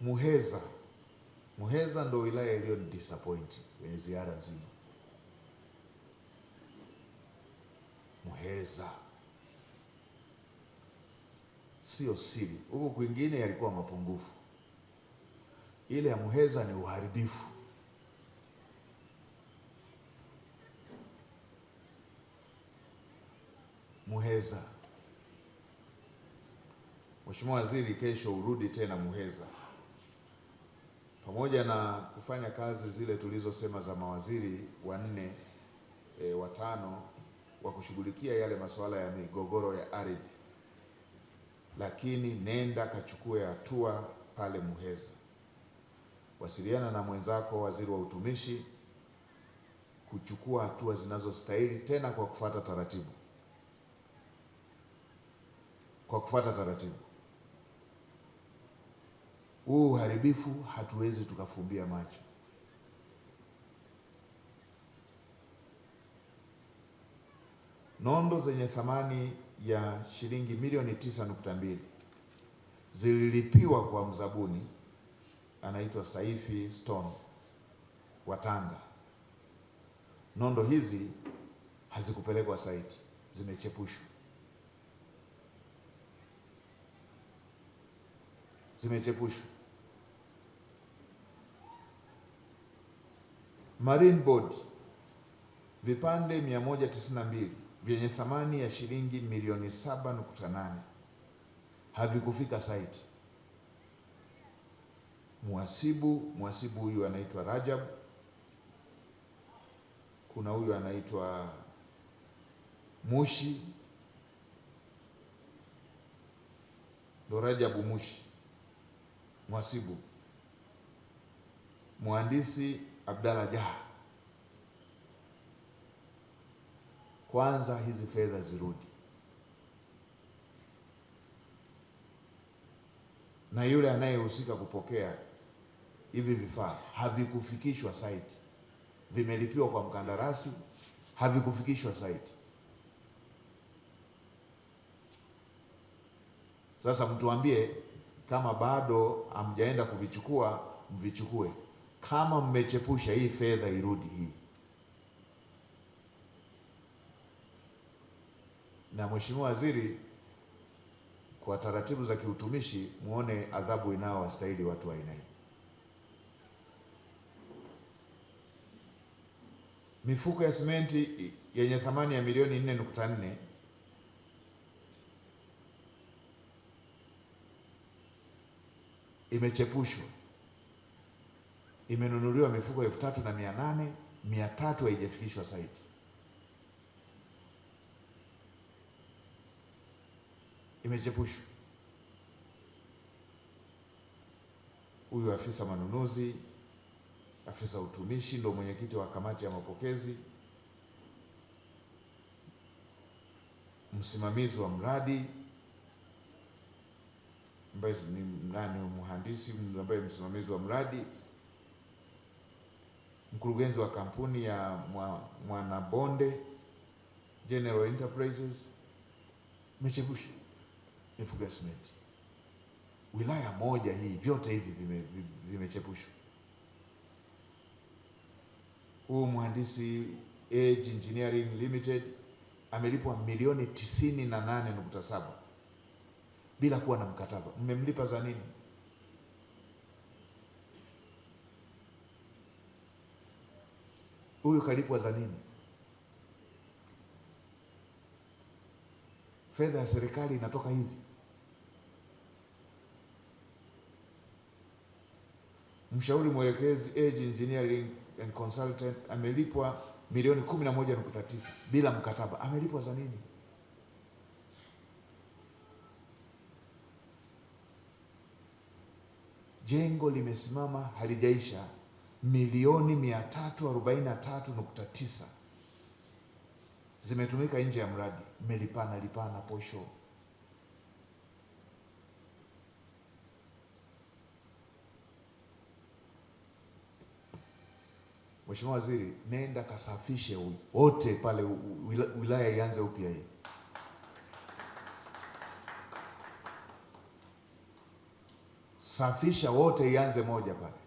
Muheza. Muheza ndo wilaya iliyo disappoint kwenye ziara nzima. Muheza sio siri, huku kwingine yalikuwa mapungufu, ile ya Muheza ni uharibifu. Muheza, Mheshimiwa Waziri, kesho urudi tena Muheza pamoja na kufanya kazi zile tulizosema za mawaziri wanne e, watano wa kushughulikia yale masuala ya migogoro ya ardhi, lakini nenda kachukue hatua pale Muheza. Wasiliana na mwenzako waziri wa utumishi kuchukua hatua zinazostahili, tena kwa kufuata taratibu, kwa kufuata taratibu huu uharibifu hatuwezi tukafumbia macho. Nondo zenye thamani ya shilingi milioni tisa nukta mbili zililipiwa kwa mzabuni anaitwa Saifi Stone wa Tanga. Nondo hizi hazikupelekwa saiti, zimechepushwa. zimechepushwa. Marine Board vipande 192 vyenye thamani ya shilingi milioni 7.8 havikufika site. Muhasibu muhasibu huyu anaitwa Rajab, kuna huyu anaitwa Mushi, ndo Rajabu Mushi mwasibu Mhandisi Abdalla Jaha, kwanza hizi fedha zirudi, na yule anayehusika kupokea hivi vifaa havikufikishwa site, vimelipiwa kwa mkandarasi, havikufikishwa site. Sasa mtuambie kama bado hamjaenda kuvichukua, mvichukue. Kama mmechepusha, hii fedha irudi hii. Na Mheshimiwa Waziri, kwa taratibu za kiutumishi, muone adhabu inayowastahili watu wa aina hii. Mifuko ya simenti yenye thamani ya milioni 4.4 imechepushwa, imenunuliwa mifuko elfu tatu na mia nane mia tatu haijafikishwa saiti. Imechepushwa. Huyu afisa manunuzi, afisa utumishi, ndo mwenyekiti wa kamati ya mapokezi, msimamizi wa mradi ambaye ni nani, mhandisi ambaye msimamizi wa mradi, mkurugenzi wa kampuni ya Mwanabonde General Enterprises, Michebushi Ifuga Wilaya moja hii, vyote hivi vimechepushwa. huu mhandisi Age Engineering Limited amelipwa milioni tisini na nane nukta saba bila kuwa na mkataba. Mmemlipa za nini? Huyu kalipwa za nini? Fedha ya serikali inatoka hivi. Mshauri mwelekezi Age Engineering and Consultant amelipwa milioni 11.9 bila mkataba. Amelipwa za nini? jengo limesimama halijaisha milioni 343.9 zimetumika nje ya mradi, mmelipana lipana posho. Mheshimiwa Waziri, nenda kasafishe wote pale, wilaya ianze upya hii. safisha wote, ianze moja pale.